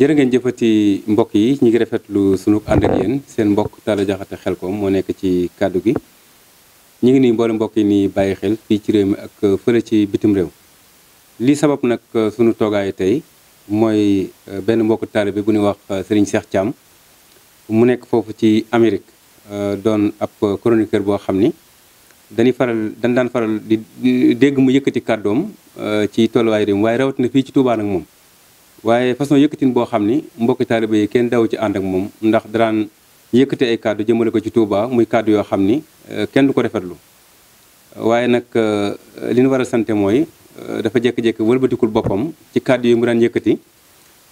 jërë ngeen jëfati mbokk yi ñu ngi rafetlu sunu ànd ak yéen seen mbokk Talla Diakhaté Khelcom moo nekk ci kàddu gi ñu ngi nii mboole mbokk yi nii bàyyi xel fii ci réew mi ak fële ci bitim réew li sabab nag sunu toogaay tey mooy euh, benn mbokk bi bu ñuy wax euh, Serigne Cheikh Thiam mu nekk foofu ci Amérique euh, doon ab chroniqueur boo xam ni dañuy faral dañ daan faral di dégg mu yëkkati kàddoom ci tolluwaay réew mi waaye rawatina fii ci Touba nag moom waaye façon yëkkatin boo xam ni mbokki taaliba yi kenn dawu ci ànd ak moom ndax daraan yëkkati ay kàddu jëmale ko ci Touba muy kàddu yoo xam ni euh, kenn du ko rafetlu waaye nag euh, li ñu war a sante mooy euh, dafa jékki-jékki wëlbatikul boppam ci kàddu yi mu daan yëkkati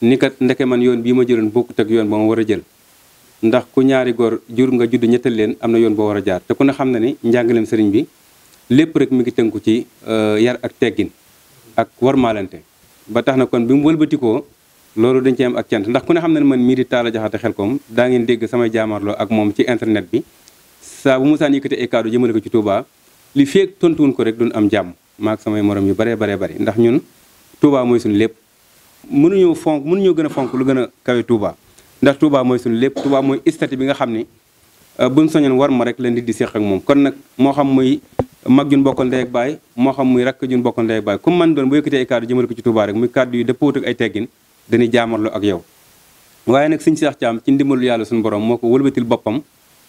ni kat ndeke man yoon bii ma jëloon bokkut ak yoon ba ma war a jël ndax ku ñaari góor jur nga judd ñettal leen am na yoon boo war a jaar te ku ne xam na ni njàngaleem sëriñ bi lépp rek mi ngi tënku ci yar ak teggin ak warmaalante ba tax na kon bi mu wëlbatikoo loolu dañ ci am ak cant ndax ku ne xam ne man mii di taala jaxate koom daa ngeen dégg samay jaamaarloo ak moom ci internet bi saa bu musaan yëkkate ay kaddu jëmale ko ci Touba li feeg tontuwun ko rek duñ am jàmm maa ak samay morom yu baree baree bari ndax ñun Touba mooy suñu lépp mënuñoo fonk mënuñoo gën a fonk lu gën a kawe Touba ndax Touba mooy suñu lépp Touba mooy statut bi nga xam ne euh, buñ soñoon war ma rek leen di di seq ak moom kon nag moo xam muy mag jun bokkoon ndey ak baay moo xam muy rakk jun bokkoon ndey ak baay comme man doon bu yëkkatee ay kàddu ko ci Touba rek muy kàddu yu dëppoot ak ay teggin dañuy jaamarloo ak yow waaye nag sëñ Seex Caam ci ndimbalu yàlla suñu borom moo ko wëlbatil boppam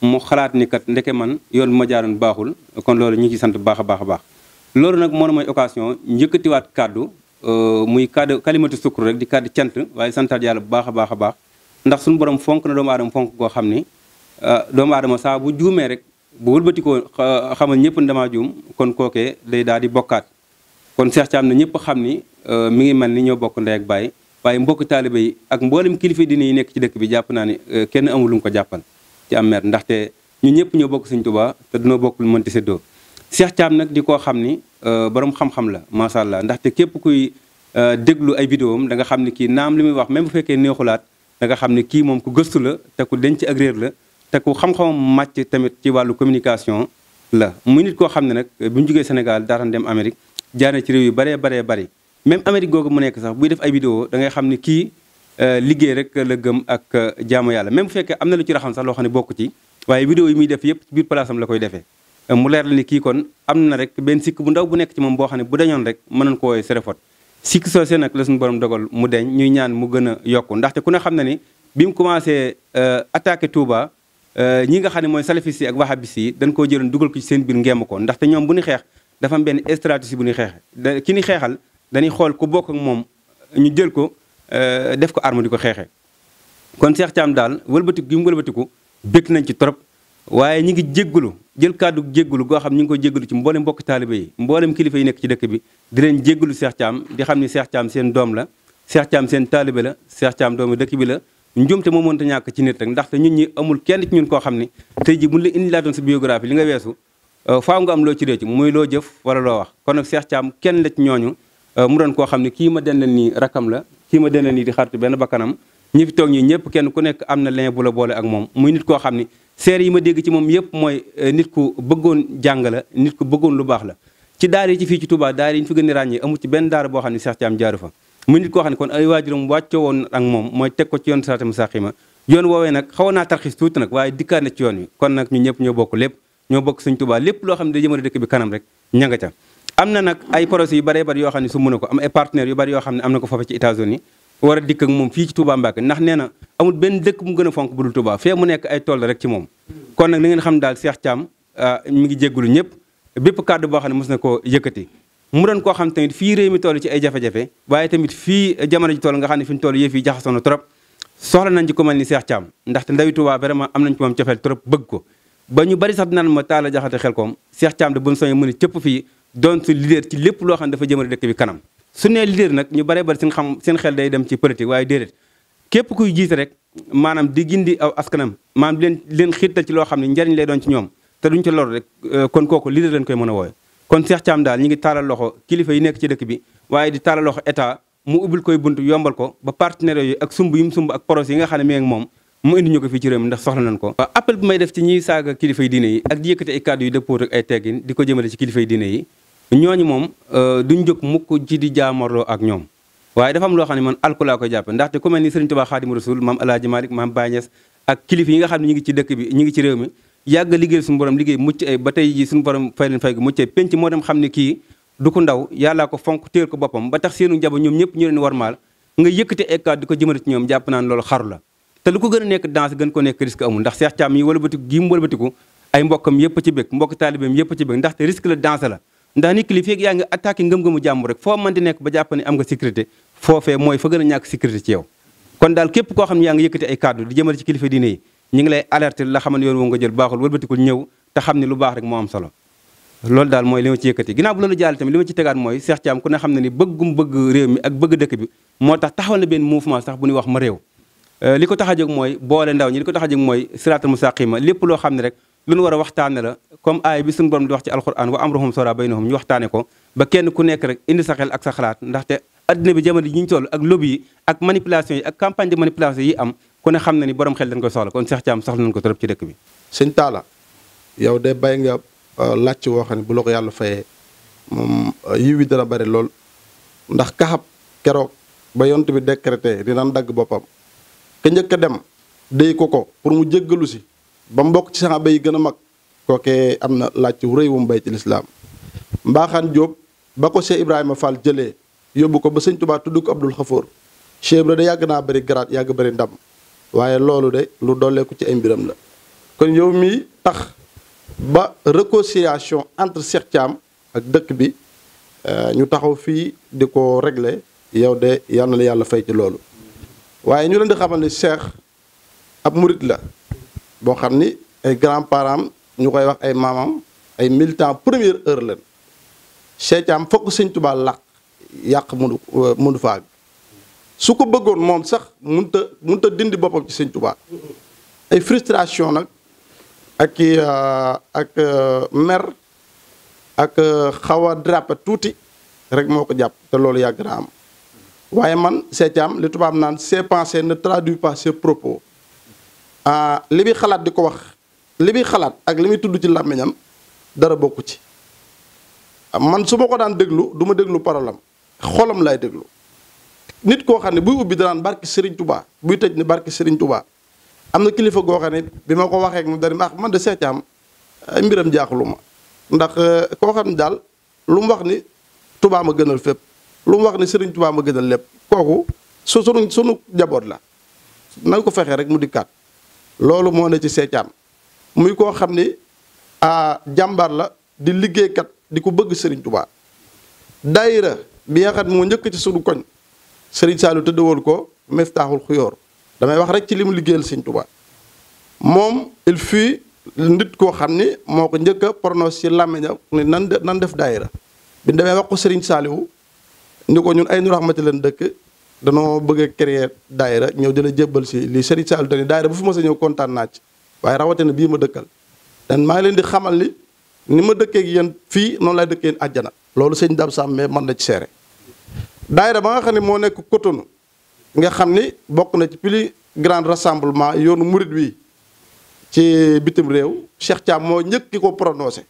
mu xalaat ni kat ndeke man yoon bu ma jaaroon baaxul kon loolu ñu ngi ci sant baax a baax a baax loolu nag moo mooy occasion njëkkatiwaat kàddu euh, muy kàddu kalimatu sukkur rek di kàddu cant waaye santaat yàlla bu baax a baax a baax ndax suñu borom fonk na doomu fonk koo xam ni euh, doomu aadama saa bu juumee rek bu wëlbatikoo xamal ñëpp ne juum kon kooke day daal di bokkaat kon Cheikh Thiam na ñëpp xam ni euh, mi ngi mel ni ñoo bokk ndey ak baay waaye mbokk taalibe yi ak mboolem kilifa diine yi nekk ci dëkk bi jàpp naa ni euh, kenn amul ko jàppal ci am ndaxte ñu ñëpp ñoo bokk sañ Tuubaa te dunoo bokk lu mënti séddoo Cheikh Thiam nag di koo xam ni euh, borom xam-xam la macha allah ndaxte képp kuy déglu ay vidéo am da nga xam ni kii naam li muy wax même bu fekkee neexulaat da nga xam ni kii moom ku gëstu la te ku denc ak réer la te ku xam-xamam màcc tamit ci wàllu communication la muy nit koo xam ne nag bu ñu jógee Sénégal daataan dem Amérique jaar na ci réew yu baree baree bari même Amérique googu mu nekk sax buy def ay vidéo da ngay xam ni kii euh, liggéey rek la gëm ak euh, jaamu yàlla même bu fekkee am na lu ci raxam sax loo xam ne bokk ci waaye vidéo yi muy def yëpp koy defee euh, mu leer la kon am na rek benn sikk bu ndaw bu nekk ci moom boo xam ne bu dañoon rek na ko woowee serefot sikk soosee nag la suñu borom dogal mu deñ ñuy ñaan mu gën a yokku ndaxte ku ne xam ne ni bi Euh, ñi nga xam ne mooy salafis yi ak wahabis yi dañ koo jëloon dugal ko ci seen biir ngeem ko ndaxte ñoom bu ñu xeex dafa am benn stratégie bu ñuy xeex ki ni xeexal dañuy xool ku bokk ak moom ñu jël ko euh, def ko arme di ko xeexee kon Cheikh Thiam daal wëlbatiku gi mu wëlbatiku bëgg nañ ci trop waaye ñi ngi jéggulu jël kàddu jéggulu goo xam ñu ngi ko jéggulu ci mboolem mbokk taalibe yi mboolem kilifa yi nekk ci dëkk bi di leen jéggulu Cheikh Thiam di xam ni Cheikh Thiam seen doom la Cheikh seen taalibe la Cheikh Thiam doomu dëkk bi la njuumte moo mënta ñàkk ci nit rek ndaxte ñun ñi amul kenn ci ñun koo xam ne tey ji mu la indi laa doon sa biographie li nga weesu euh, faaw nga am loo ci récc loo jëf wala loo wax kon nag Cheikh Thiam kenn la ci ñooñu euh, mu doon koo xam ne kii ma den leen nii rakam la kii ma den leen nii di xaritu benn bakkanam ñi fi toog ñi ñëpp kenn ku nekk am na lien bu la boole ak moom muy nit koo xam ne seer yi ma dégg ci moom yëpp mooy euh, nit ku bëggoon jàng la nit ku bëggoon lu baax la ci daara ci fii ci Touba daara yi ñu fi gën a ràññee amul ci benn daar boo xam ne Cheikh Thiam jaaru fa mu nit koo xam ne kon ay waajuram wàccoo woon ak moom mooy teg ko ci yoon siraatal mustaqiima yoon woowee nag xawoon naa tarxiis tuuti nag waaye dikkaat na ci yoon wi kon nag ñu ñëpp ñoo bokk lépp ñoo bokk Sëñ lépp loo xam ne day jëmale dëkk bi kanam rek ña nga ca am na nag ay projets yu bëree bëri yoo ne su mën am ay partenaires yu yoo xam ne na ko foofu ci États-Unis war a dikk ak moom fii ci Touba Mbacké na amul benn dëkk mu gën a fonk bu dul Touba fee mu rek ci moom kon nag li ngeen xam daal seex Thiam ah, mi ngi jéggulu ñëpp bépp kàddu boo xam ne mos na koo yëkkati mu doon koo xam tamit fii réew mi toll ci ay jafe-jafe waaye tamit fii jamono ji toll nga xam ne fi mu toll yëf yi jaxasoo na trop soxla nañ ci ku mel ni Cheikh ndaxte ndawi Tuubaa am nañ ci moom cofeel trop ko ba ñu bari sax dinaan ma taala jaxate xel koom Cheikh Thiam de buñ soñe mën fii doon su leader ci lépp loo xam ne dafa jëmale dëkk bi kanam su nee leader nag ñu baree bari seen xam seen xel day dem ci politique waaye déedéet képp kuy jiite rek maanaam di gindi aw askanam maanaam leen leen xiirtal ci loo xam ne njariñ lay doon ci ñoom te duñ ci lor rek euh, kon kooku leader leen koy mën a wooye kon Cheikh Thiam daal ñi ngi taalal loxo kilifa yi nekk ci dëkk bi waaye di taalal loxo état mu ubbil koy bunt yombal ko ba partenaires yooyu ak sumb yi sumb ak projet yi nga xam ne mi ngi moom mu indi ko fii ci ndax soxla nañ ko waaw appel may def ci ñiy saaga kilifa yi diine yi ak di yëkkati ay di ko jëmale ci kilifa yi ñooñu moom euh, duñ jóg mukk ci di jaamorloo ak ñoom waaye dafa am loo xam ne man alku laa koy jàppe ndaxte ku mel ni Sëriñ Tuubaa Xaadimu Rasuul maam Alaaji Maalik maam Baay ak kilifa yi nga xam ne ñu ngi ci dëkk bi ñu ngi ci réew mi yàgg liggéey suñu borom liggéey mucc ay ba tey ji fay leen fay mucc ay penc moo dem xam ne kii du ko ndaw yàllaa ko fonk téer ko boppam ba tax seenu njabo ñoom ñëpp ñu leen warmaal nga yëkkate ekkaat di ko jëmale ci ñoom jàpp loolu xaru la te lu ko gën a nekk danse gën ko nekk risque amul ndax Cheikh Thiam yi walbatiku gii mu walbatiku ay mbokkam yëpp ci bëgg mbokk taalibeem yëpp ci bëgg ndaxte risque la danse la ndax nit ki li yaa ngi attaqué ngëm-ngëmu jàmm rek nekk ba jàpp ne am nga sécurité foofee mooy fa gën a ñàkk sécurité ci yow kon daal képp koo xam ne yaa ngi yëkkate ay kàddu di jëmale ci kilifa diine yi ñu ngi lay alerte la xaman yoon woo nga jël baaxul wëlbatikul ñëw te xam ne lu baax rek moo am solo loolu daal mooy li ma ci yëkkati ginnaaw bu loolu jàll tamit li ma ci tegaat mooy Cheikh Thiam ku ne xam ne ni bëggum bëgg réew mi ak bëgg dëkk bi moo tax taxawal na benn mouvement sax bu ñuy wax ma réew euh, li ko tax a jóg mooy boole ndaw ñi li ko tax a jóg mooy siraatal mustaqima lépp loo xam ne rek lu ñu war a la comme aay bi suñu borom di wax ci alquran ko kenn ku nekk rek indi sa xel ak sa xalaat ndaxte addina bi jamono yi ñu toll ak lobby yi campagne de am ku ne xam na ni borom xel dañ ko soxla kon Cheikh Thiam soxla nañ ko trop ci dëkk bi. sëñ Talla yow de bay nga euh, làcc woo xam ne bu la ko yàlla fayee moom euh, yiw dana bari lool ndax kaxab keroog ba yont bi décrété naan dagg boppam ka njëkk dem déy ko ko pour mu jëggalu si ba mbokk ci sax yi gën a mag kookee am na làcc wu rëy wu mu bay ci lislaam mbaaxaan Jóob ba ko Cheikh Ibrahima Fall jëlee yóbbu ko ba sëñ Tuubaa tudd ko Abdul Xafoor Cheikh Ibrahima yàgg naa bëri garaat yàgg bëri ndam waaye loolu de lu dolleeku ci ay mbiram la kon yow mii tax ba réconciliation entre Cheikh ak dëkk bi euh, ñu taxaw fii di ko régler yow de yal na la yàlla fay ci loolu waaye ñu leen di xamal ni Cheikh ab murit la boo xam ni ay grand parents ñu koy wax ay maamam ay militants première heure leen Cheikh Thiam fokk Sëñ Tuubaa làq yàq mënu euh, mënu faag su ko bëggoon moom sax mënut a mënut a dindi boppam ci sëñ Tuubaa ay frustration nag ak euh, ak euh, mer ak euh, xaw a drapé tuuti rek moo ko jàpp te loolu yàgg am waaye man seetaam li tubaab naan ses pensées ne traduit pas ses propos ah, li muy xalaat di ko wax li muy xalaat ak li muy tudd ci làmmiñam dara bokk ci man su ma ko daan déglu duma déglu parolam xolam laay déglu nit koo xam ne buy ubbi danaan barki Serigne Touba buy tëj ne barki Serigne tubaa am na kilifa goo xam ne bi ma ko waxee mu moom daal ah, man de seetaam ay mbiram jaaxlu ma ndax eh, koo xam ne daal lu wax ni Touba ma gënal fépp lum wax ni sëriñ tubaa ma gënal lépp kooku su sunu sunu jaboot la na ko fexee rek mu dikkaat loolu moo ne ci seetaam muy koo xam ni a ah, jàmbaar la di liggéeykat di ko bëgg sëriñ tubaa daayira bi nga xam moo njëkk ci sunu koñ. Serigne Saliou tëdd woon ko Miftaaxul Xuyoor damay wax rek ci li mu liggéeyal Serigne Touba moom il fii nit koo xam ni moo ko njëkk a prononcé ci làmmiñam ni nan nan def daayira bi ñu demee wax ko Serigne Saliou ni ko ñun ay nu raxmati leen dëkk danoo bëgg a créer daayira ñëw di la jébbal si lii Serigne Saliou dañuy daayira bu fu ma sa ñëw kontaan naa ci waaye rawatina bii ma dëkkal dan maa ngi leen di xamal ni ni ma dëkkeek ak yéen fii noonu laay dëkkee àjjana loolu sëñ Dab Sàmmee mën na ci seere daayira ba nga xam ne moo nekk Cotonou nga xam ni bokk na ci plus grand rassemblement yoonu murit wi ci bitim réew Cheikh Thiam moo njëkk ki ko prononcé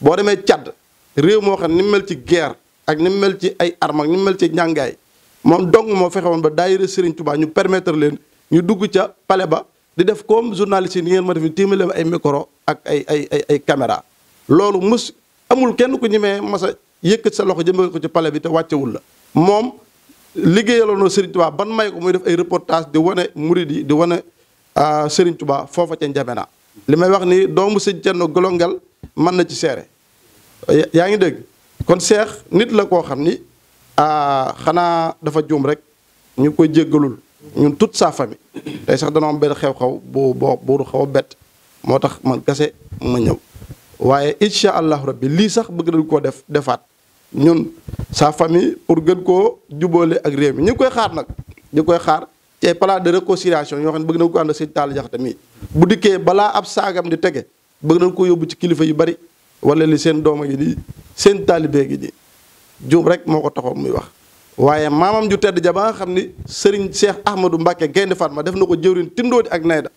boo demee Tchad réew moo xam ni mu mel ci guerre ak ni mu mel ci ay armes ak ni mu mel ci njàngaay moom dong moo fexe woon ba daayira Serigne Touba ñu permettre leen ñu dugg ca pale ba di def comme journaliste yi ni ngeen ma def ñu téeméer ay micro ak ay ay ay ay loolu mus amul kenn ku ñemee mas a yëkkat sa loxo jëmee ko ci palais bi te wàccewul la. moom liggéeyaloonoo Serigne Touba ban may ko muy def ay reportage di wane murid yi di wane ah, Serigne Touba foofa ca Njamena li may wax ni doomu sëñ Thierno Golongal man na ci seere yaa ngi dégg kon seex nit la koo xam ni ah, xanaa dafa juum rek ñu koy jéggalul ñun toute sa famille tey sax dana am benn xew-xew bu boo bu xaw a bett moo tax ma kese ma ñëw waaye incha allahu rabbi lii sax bëgg nañ koo def defaat ñun sa famille pour gën koo jubóole ak réew mi ñu koy xaar nag ñu koy xaar ci ay plan de réconciliation ñoo xam ne bëgg nañ ko ànd sëñ Talla Diakhaté bu dikkee balaa ab saagam di tege bëgg nañ ko yóbbu ci kilifa yu bari wala li seen dooma gi nii seen taalibee gi nii juum rek moo ko taxoon muy wax waaye maamam ju tedd ja ba nga xam ni sëriñ Cheikh Ahmadou Mbacke Gaynde Fatma def na ko jëwriñ tindoodi ak nayda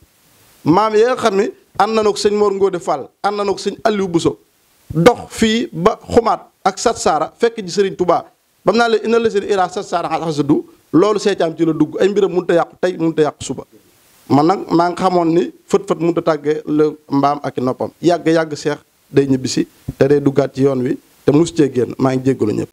maam ya xam ni ànd na ko sëñ Mor Ngode Fall ànd nañu ko sëñ Aliou Bousso dox fii ba xumaat ak sat saara fekk ji Serigne Touba bam naa leen ina la seen ira sat saara xasadu loolu seecaam ci la dugg ay mbiram mun a yàqu tey mënut a yàqu suba ma nag maa ngi xamoon ni fët-fët mënut a tàggee le mbaam ak i noppam yàgg-yàgg seex day ñibbisi te day duggaat ci yoon wi te mus cee génn maa ngi jéggalu ñëpp